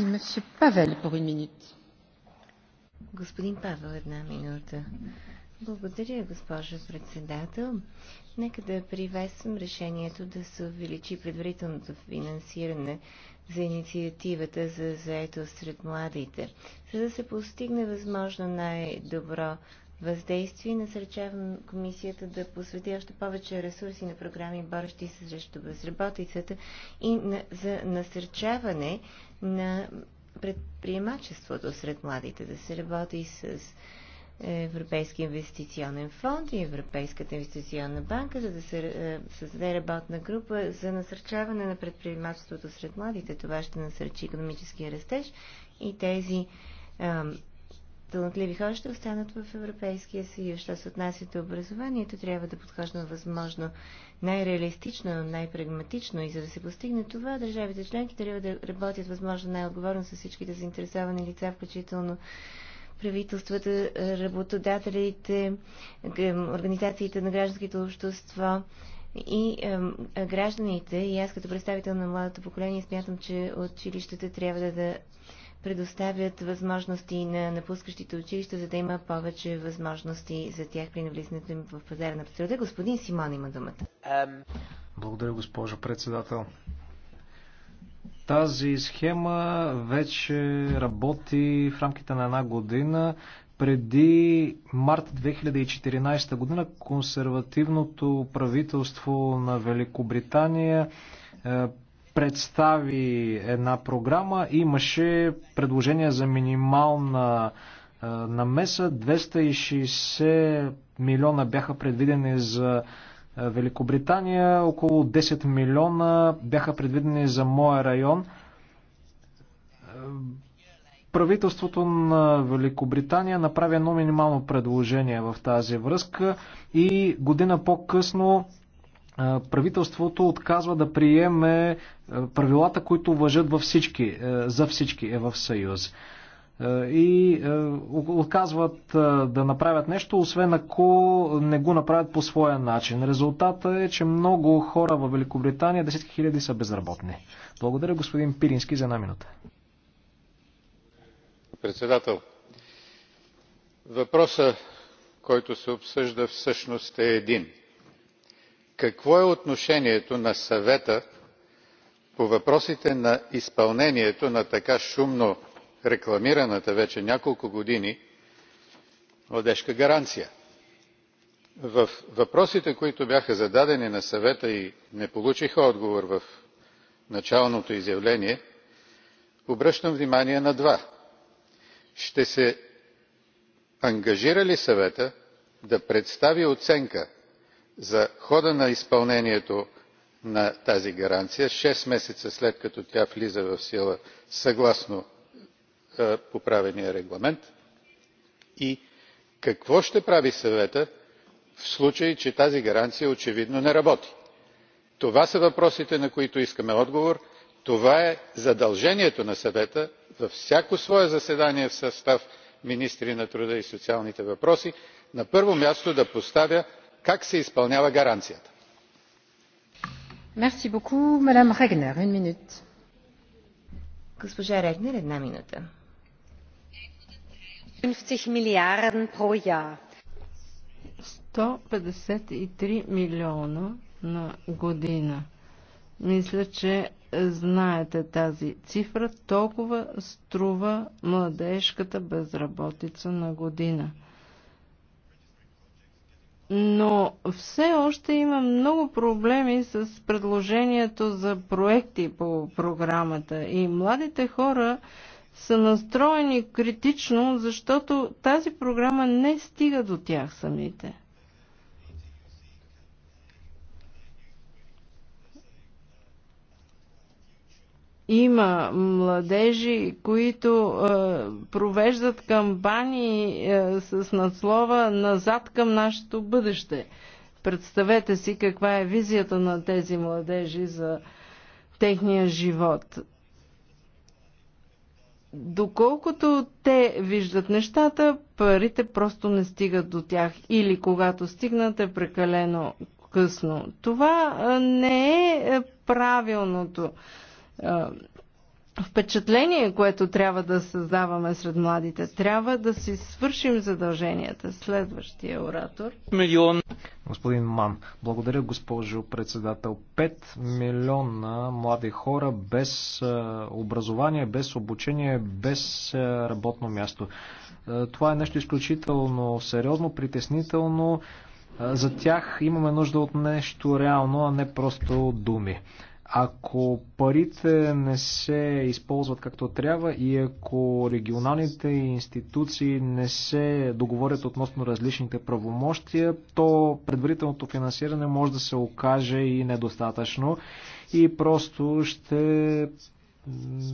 Мерси, Павел, по Господин Павел, една минута. Благодаря, госпожо председател. Нека да приветствам решението да се увеличи предварителното финансиране за инициативата за заетост сред младите, за да се постигне възможно най-добро въздействие и насърчавам комисията да посвети още повече ресурси на програми, борещи се срещу безработицата и на, за насърчаване на предприемачеството сред младите, да се работи с Европейския инвестиционен фонд и Европейската инвестиционна банка, за да се е, създаде работна група за насърчаване на предприемачеството сред младите. Това ще насърчи економическия растеж и тези е, талантливи хора ще останат в Европейския съюз. Що се отнася до образованието, трябва да подхожда възможно най-реалистично, най-прагматично и за да се постигне това, държавите членки трябва да работят възможно най-отговорно с всичките заинтересовани лица, включително правителствата, е, работодателите, е, организациите на гражданските общества и е, гражданите. И аз като представител на младото поколение смятам, че училищата трябва да, да предоставят възможности на напускащите училища, за да има повече възможности за тях при навлизането им в пазара на труда. Господин Симон има думата. Благодаря, госпожо председател. Тази схема вече работи в рамките на една година. Преди март 2014 година консервативното правителство на Великобритания е, представи една програма. Имаше предложение за минимална е, намеса. 260 милиона бяха предвидени за е, Великобритания около 10 милиона бяха предвидени за моя район. Е, правителството на Великобритания направи едно минимално предложение в тази връзка и година по-късно е, правителството отказва да приеме правилата, които въжат във всички, за всички е в Съюз. Е, и е, отказват е, да направят нещо, освен ако не го направят по своя начин. Резултата е, че много хора в Великобритания, десетки хиляди са безработни. Благодаря господин Пирински за една минута. Председател, въпросът, който се обсъжда всъщност е един. Какво е отношението на съвета по въпросите на изпълнението на така шумно рекламираната вече няколко години младежка гаранция. във въпросите които бяха зададени на съвета и не получиха отговор в началното изявление обръщам внимание на два. ще се ангажира ли съветът да представи оценка за хода на изпълнението на тази гаранция шест месеца след като тя влиза в сила съгласно е, поправения регламент и какво ще прави съветът в случай че тази гаранция очевидно не работи? това са въпросите на които искаме отговор това е задължението на съвета във всяко свое заседание в състав министри на труда и социалните въпроси на първо място да поставя как се изпълнява гаранцията. една минута. 50 милиарден про яр. 153 милиона на година. Мисля, че знаете тази цифра. Толкова струва младежката безработица на година. Но все още има много проблеми с предложението за проекти по програмата и младите хора са настроени критично, защото тази програма не стига до тях самите. Има младежи, които е, провеждат кампании е, с надслова назад към нашето бъдеще. Представете си каква е визията на тези младежи за техния живот доколкото те виждат нещата, парите просто не стигат до тях или когато стигнат е прекалено късно. Това не е правилното впечатление, което трябва да създаваме сред младите. Трябва да си свършим задълженията. Следващия оратор. Милион. Господин Ман, благодаря госпожо председател. 5 милиона млади хора без образование, без обучение, без работно място. Това е нещо изключително сериозно, притеснително. За тях имаме нужда от нещо реално, а не просто думи. Ако парите не се използват както трябва и ако регионалните институции не се договорят относно различните правомощия, то предварителното финансиране може да се окаже и недостатъчно и просто ще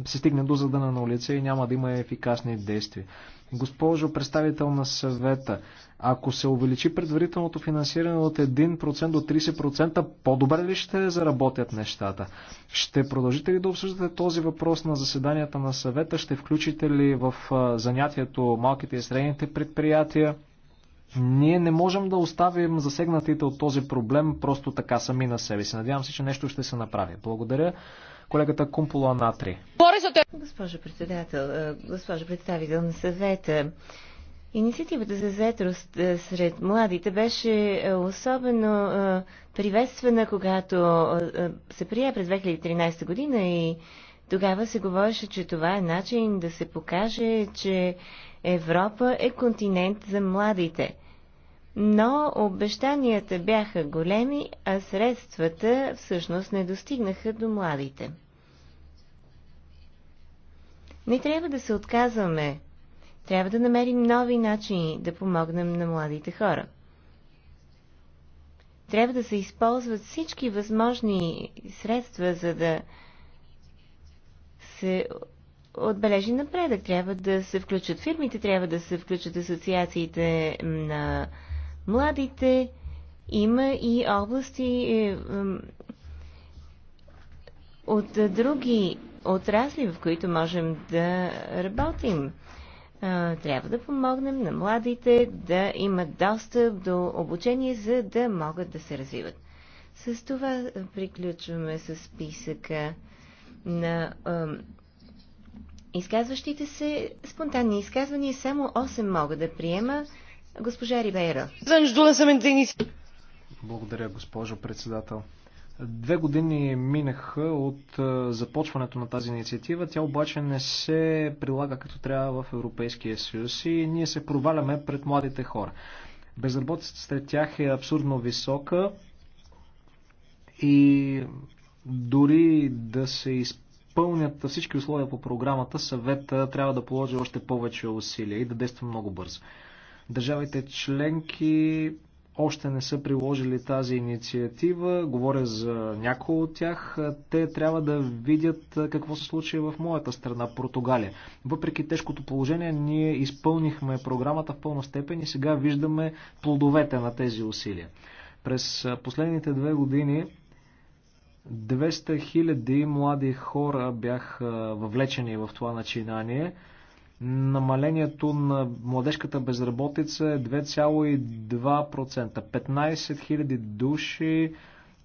се стигне до задъна на улица и няма да има ефикасни действия. Госпожо представител на съвета, ако се увеличи предварителното финансиране от 1% до 30%, по-добре ли ще заработят нещата? Ще продължите ли да обсъждате този въпрос на заседанията на съвета? Ще включите ли в занятието малките и средните предприятия? Ние не можем да оставим засегнатите от този проблем просто така сами на себе си. Надявам се, че нещо ще се направи. Благодаря колегата Кумпола Натри. Е- госпожо председател, е, госпожо представител на съвета, Инициативата за заетост е, сред младите беше особено приветствана, когато се прие през 2013 година и тогава се говореше, че това е начин да се покаже, че Европа е континент за младите – но обещанията бяха големи, а средствата всъщност не достигнаха до младите. Не трябва да се отказваме. Трябва да намерим нови начини да помогнем на младите хора. Трябва да се използват всички възможни средства, за да се отбележи напредък. Трябва да се включат фирмите, трябва да се включат асоциациите на младите. Има и области е, е, от други отрасли, в които можем да работим. Трябва да помогнем на младите да имат достъп до обучение, за да могат да се развиват. С това приключваме с списъка на изказващите се спонтанни изказвания. Само 8 мога да приема. Госпожа Рибейра. Благодаря, госпожо председател. Две години минаха от е, започването на тази инициатива, тя обаче не се прилага като трябва в Европейския съюз и ние се проваляме пред младите хора. Безработицата сред тях е абсурдно висока и дори да се изпълнят всички условия по програмата, съвета трябва да положи още повече усилия и да действа много бързо. Държавите членки още не са приложили тази инициатива. Говоря за някои от тях. Те трябва да видят какво се случи в моята страна, Португалия. Въпреки тежкото положение, ние изпълнихме програмата в пълна степен и сега виждаме плодовете на тези усилия. През последните две години 200 000 млади хора бяха въвлечени в това начинание намалението на младежката безработица е 2,2%. 15 000 души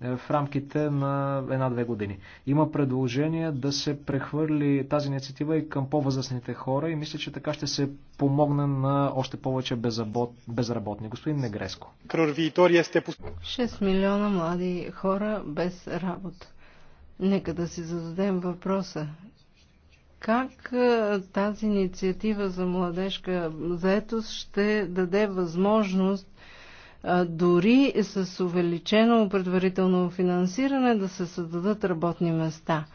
е, в рамките на една-две години. Има предложение да се прехвърли тази инициатива и към по-възрастните хора и мисля, че така ще се помогне на още повече безработни. Господин Негреско. 6 милиона млади хора без работа. Нека да си зададем въпроса. Как е, тази инициатива за младежка заетост ще даде възможност е, дори с увеличено предварително финансиране да се създадат работни места?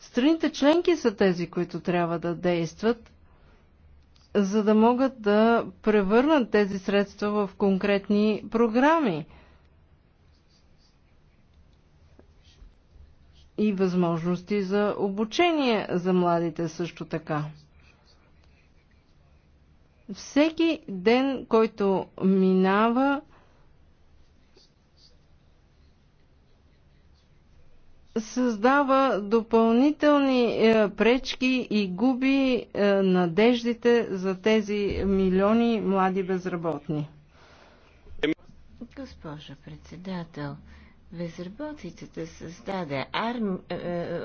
Страните членки са тези, които трябва да действат, за да могат да превърнат тези средства в конкретни програми – и възможности за обучение за младите също така. Всеки ден, който минава, създава допълнителни е, пречки и губи е, надеждите за тези милиони млади безработни. Госпожа председател, Безработицата създаде арм... Е, е, е,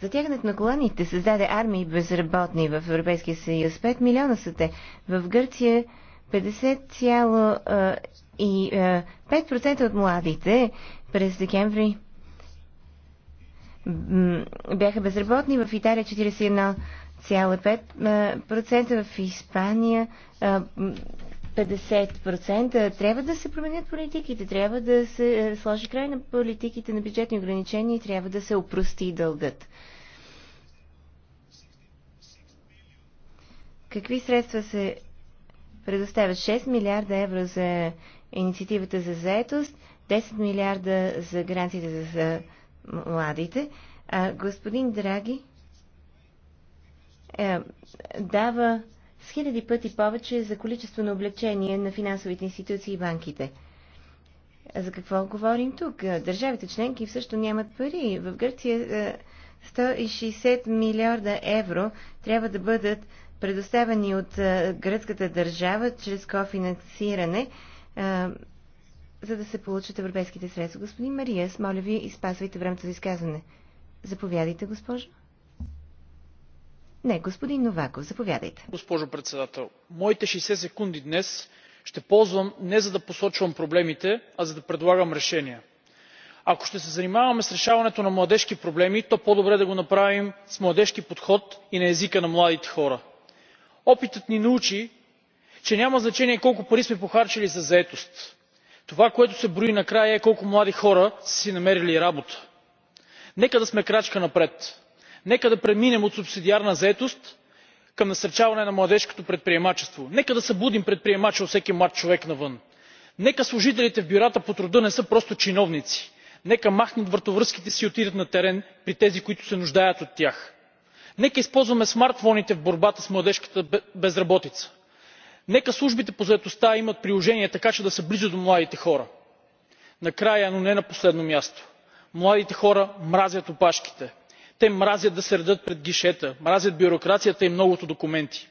затягането на коланите създаде армии безработни в Европейския съюз. 5 милиона са те. В Гърция 50,5% от младите през декември бяха безработни. В Италия 41,5%, в Испания 50%. Трябва да се променят политиките, трябва да се е, сложи край на политиките на бюджетни ограничения и трябва да се опрости дългът. Какви средства се предоставят? 6 милиарда евро за инициативата за заетост, 10 милиарда за гарантите за младите. А господин Драги е, дава с хиляди пъти повече за количество на облегчение на финансовите институции и банките. А за какво говорим тук? Държавите членки също нямат пари. В Гърция 160 е, милиарда евро трябва да бъдат предоставени от е, гръцката държава чрез кофинансиране, е, за да се получат европейските средства. Господин Мария, моля ви, изпазвайте времето за изказване. Заповядайте, госпожо. Не, господин Новаков, заповядайте. Госпожо председател, моите 60 секунди днес ще ползвам не за да посочвам проблемите, а за да предлагам решения. Ако ще се занимаваме с решаването на младежки проблеми, то по-добре да го направим с младежки подход и на езика на младите хора. Опитът ни научи, че няма значение колко пари сме похарчили за заетост. Това, което се брои накрая, е колко млади хора са си намерили работа. Нека да сме крачка напред нека да преминем от субсидиарна заетост към насърчаване на младежкото предприемачество. нека да събудим предприемача във всеки млад човек навън. нека служителите в бюрата по труда не са просто чиновници. нека махнат вратовръзките си и отидат на терен при тези които се нуждаят от тях. нека използваме смартфоните в борбата с младежката безработица. нека службите по заетостта имат приложение така че да са близо до младите хора. накрая но не на последно място младите хора мразят опашките. Те мразят да се редят пред гишета, мразят бюрокрацията и многото документи.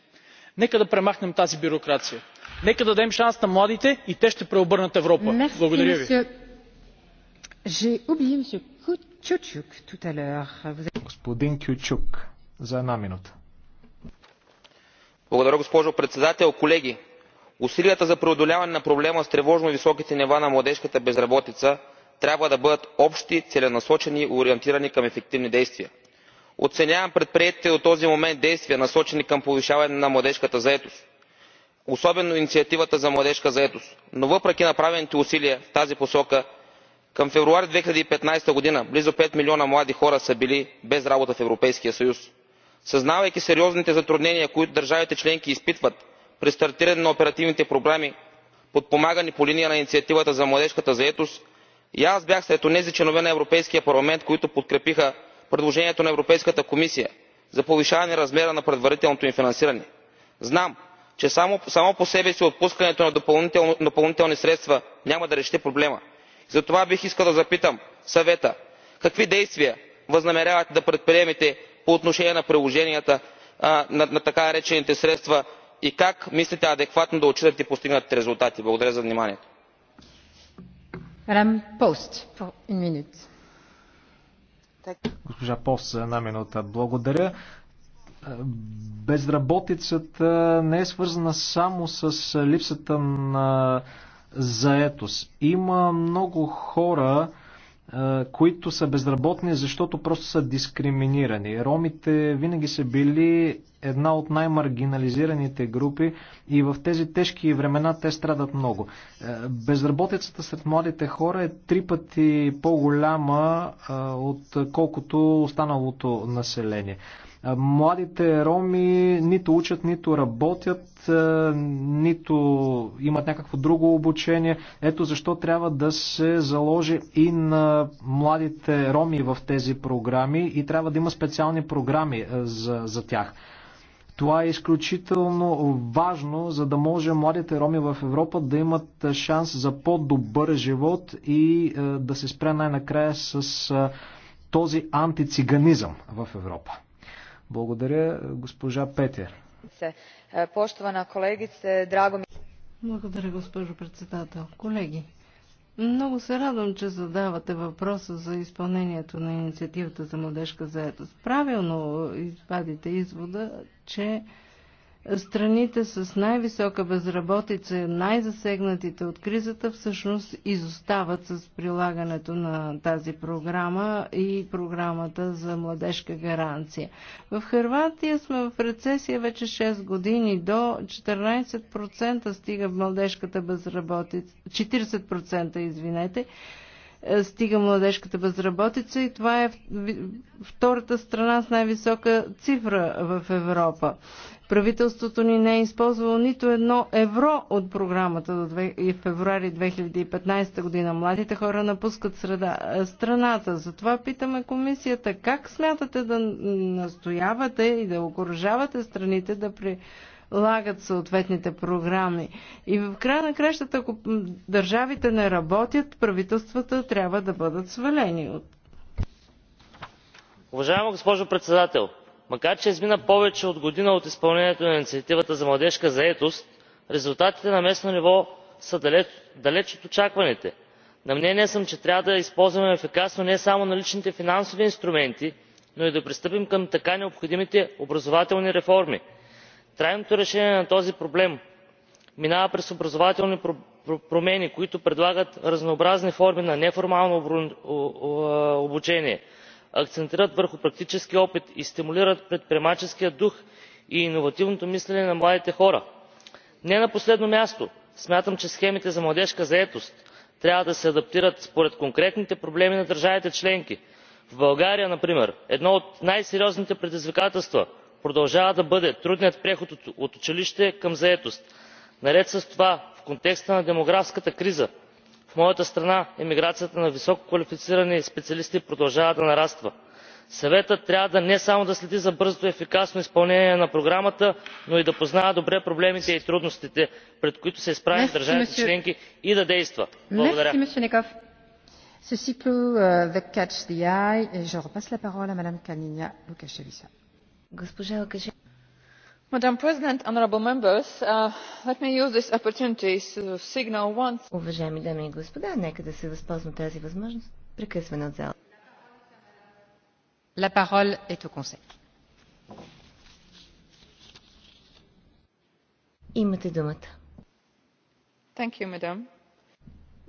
Нека да премахнем тази бюрокрация. Нека дадем шанс на младите и те ще преобърнат Европа. Благодаря ви. Господин Кючук, за една минута. Благодаря, госпожо председател. Колеги, усилията за преодоляване на проблема с тревожно високите нива на младежката безработица трябва да бъдат общи целенасочени и ориентирани към ефективни действия оценявам предприетите до този момент действия насочени към повишаване на младежката заетост особено инициативата за младежка заетост но въпреки направените усилия в тази посока към февруари две хиляди и петнадесета година близо пет милиона млади хора са били без работа в европейския съюз. съзнавайки сериозните затруднения които държавите членки изпитват при стартиране на оперативните програми подпомагани по линия на инициативата за младежката заетост и аз бях сред онези членове на европейския парламент които подкрепиха предложението на европейската комисия за повишаване размера на предварителното им финансиране. знам че само по себе си отпускането на допълнителни средства няма да реши проблема затова бих искал да запитам съвета какви действия възнамерявате да предприемете по отношение на приложенията на така речените средства и как мислите адекватно да отчитате постигнатите резултати? благодаря за вниманието. Госпожа Пос, една минута. Благодаря. Безработицата не е свързана само с липсата на заетост. Има много хора, които са безработни, защото просто са дискриминирани. Ромите винаги са били една от най-маргинализираните групи и в тези тежки времена те страдат много. Е, безработицата сред младите хора е три пъти по-голяма е, от колкото останалото население. Е, младите роми нито учат, нито работят, е, нито имат някакво друго обучение. Ето защо трябва да се заложи и на младите роми в тези програми и трябва да има специални програми е, за, за тях. Това е изключително важно, за да може младите роми в Европа да имат шанс за по-добър живот и е, да се спре най-накрая с този антициганизъм в Европа. Благодаря, госпожа Петер. Poštovana е, kolegice, drago Благодаря, госпожо председател. Колеги, много се радвам, че задавате въпроса за изпълнението на инициативата за младежка заетост. Правилно извадите извода, че страните с най-висока безработица, най-засегнатите от кризата, всъщност изостават с прилагането на тази програма и програмата за младежка гаранция. В Хърватия сме в рецесия вече 6 години. До 14% стига в младежката безработица. 40% извинете е, стига младежката безработица и това е втората страна с най-висока цифра в Европа. Правителството ни не е използвало нито едно евро от програмата до февруари 2015 година. Младите хора напускат среда... Е, страната. Затова питаме комисията как смятате да настоявате и да окоръжавате страните да при Лагат съответните програми. И в края на кращата, ако държавите не работят, правителствата трябва да бъдат свалени Уважаема госпожо председател, макар че измина повече от година от изпълнението на инициативата за младежка заетост, резултатите на местно ниво са далеч, далеч от очакваните. На мнение съм, че трябва да използваме ефикасно не само наличните финансови инструменти, но и да пристъпим към така необходимите образователни реформи трайното решение на този проблем минава през образователни промени които предлагат разнообразни форми на неформално обучение акцентират върху практическия опит и стимулират предприемаческия дух и иновативното мислене на младите хора. не на последно място смятам че схемите за младежка заетост трябва да се адаптират според конкретните проблеми на държавите членки. в българя например едно от най сериозните предизвикателства продължава да бъде трудният преход от училище към заетост. наред с това в контекста на демографската криза в моята страна емиграцията на висококвалифицирани специалисти продължава да нараства. съветът трябва не само да следи за бързото и ефикасно изпълнение на програмата но и да познава добре проблемите и трудностите пред които са е изправени държавите членки и да действа. благодаря. Madam President, members, uh, let me use this opportunity to signal once. Уважаеми дами и господа, нека да се възползвам тази възможност. Прекъсване от зала. Имате думата.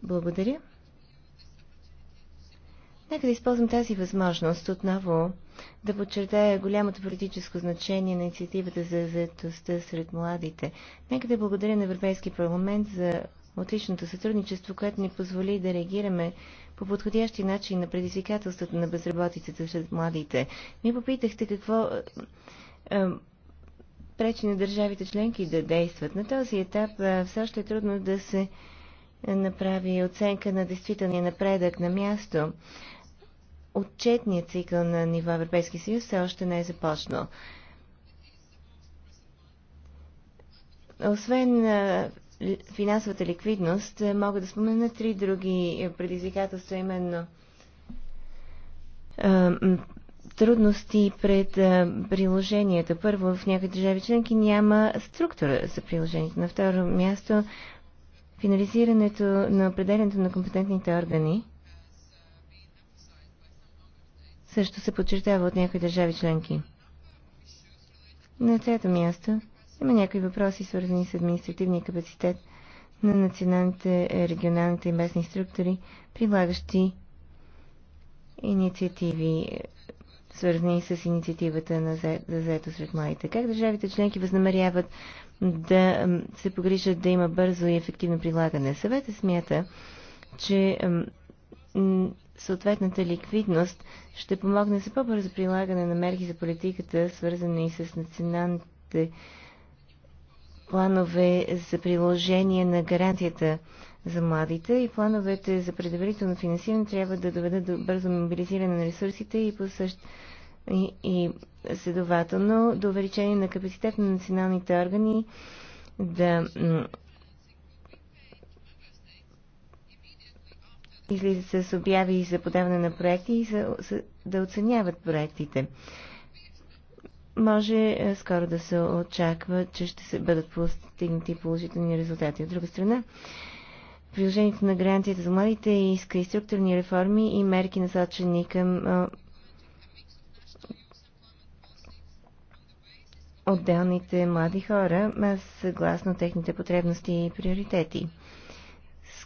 Благодаря. Нека да използвам тази възможност отново да подчертая голямото политическо значение на инициативата за заедостта сред младите. Нека да благодаря на Европейския парламент за отличното сътрудничество, което ни позволи да реагираме по подходящи начин на предизвикателствата на безработицата сред младите. Ми попитахте какво е, е, пречи на държавите членки да действат. На този етап е, все още е трудно да се е, направи оценка на действителния напредък на място отчетният цикъл на ниво Европейски съюз все още не е започнал. Освен финансовата ликвидност, мога да спомена три други предизвикателства, именно трудности пред приложенията. Първо, в някои държави членки няма структура за приложението. На второ място, финализирането на определенето на компетентните органи също се подчертава от някои държави членки. На трето място има някои въпроси, свързани с административния капацитет на националните, е, регионалните и местни структури, прилагащи инициативи, е, свързани с инициативата на за... за заето сред младите. Как държавите членки възнамеряват да се погрижат да има бързо и ефективно прилагане? Съветът смята, че съответната ликвидност ще помогне за по-бързо прилагане на мерки за политиката, свързани с националните планове за приложение на гарантията за младите и плановете за предварително финансиране трябва да доведат до бързо мобилизиране на ресурсите и по същ... и, и следователно до увеличение на капацитет на националните органи да излизат с обяви за подаване на проекти и за, за, да оценяват проектите. Може е, скоро да се очаква, че ще се бъдат постигнати положителни резултати. От друга страна, приложението на гаранцията за младите иска и структурни реформи и мерки насочени към е, отделните млади хора, е, съгласно техните потребности и приоритети.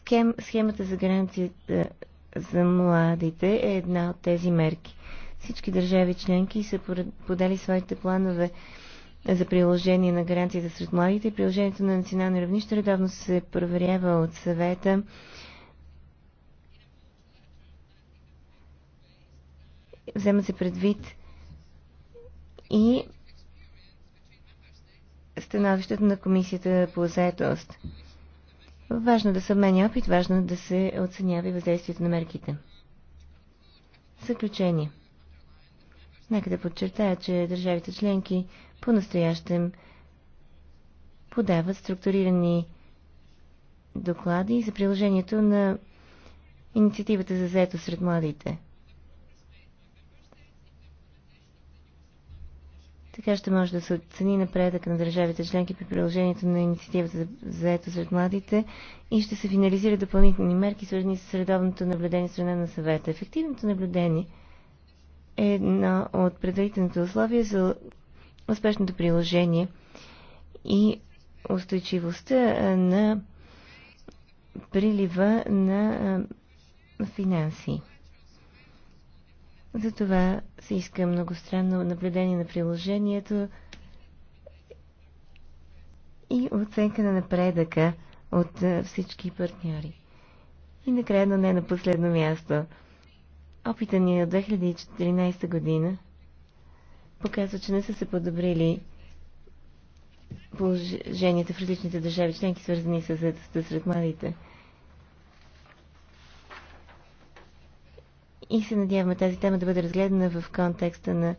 Схем, схемата за гаранция е, за младите е една от тези мерки. Всички държави членки са подали своите планове за приложение на гаранцията сред младите. Приложението на национално равнище редовно се проверява от съвета. Взема се предвид и становището на Комисията по заедост. Важно е да се обменя опит, важно е да се оценява и въздействието на мерките. съключение. Нека да подчертая, че държавите членки по-настоящем подават структурирани доклади за приложението на инициативата за заето сред младите. Така ще може да се оцени напредък на държавите членки при приложението на инициативата за заето сред младите и ще се финализират допълнителни мерки, свързани с средовното наблюдение страна на съвета. Ефективното наблюдение е едно от предварителните условия за успешното приложение и устойчивостта на прилива на финанси. Затова се иска многостранно наблюдение на приложението и оценка на напредъка от всички партньори. И накрая, но не на последно място, опита ни от 2014 година показва, че не са се подобрили положението в различните държави членки, свързани с заедостта сред младите. и се надяваме тази тема да бъде разгледана в контекста на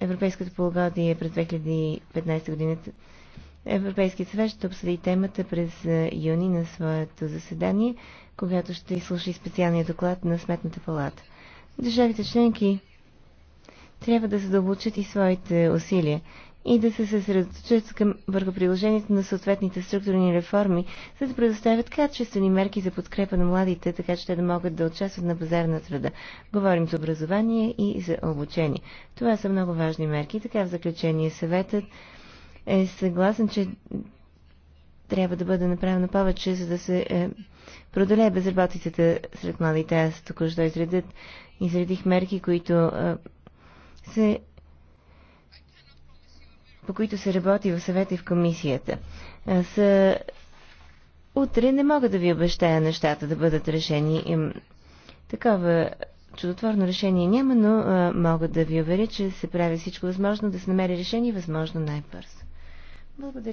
Европейското полугодие през 2015 година. Европейският съвет ще обсъди темата през юни на своето заседание, когато ще изслуша и специалния доклад на Сметната палата. Държавите членки трябва да задълбочат и своите усилия и да се съсредоточат към върху приложението на съответните структурни реформи, за да предоставят качествени мерки за подкрепа на младите, така че те да могат да участват на базарна среда. Говорим за образование и за обучение. Това са много важни мерки. Така в заключение съветът е съгласен, че трябва да бъде направено повече, за да се е, продолее безработицата сред младите. Аз току-що изредих мерки, които е, се по които се работи в съвета и в комисията, са... Утре не мога да ви обещая нещата да бъдат решени. Такова чудотворно решение няма, но а, мога да ви уверя, че се прави всичко възможно да се намери решение възможно най-бързо. Благодаря.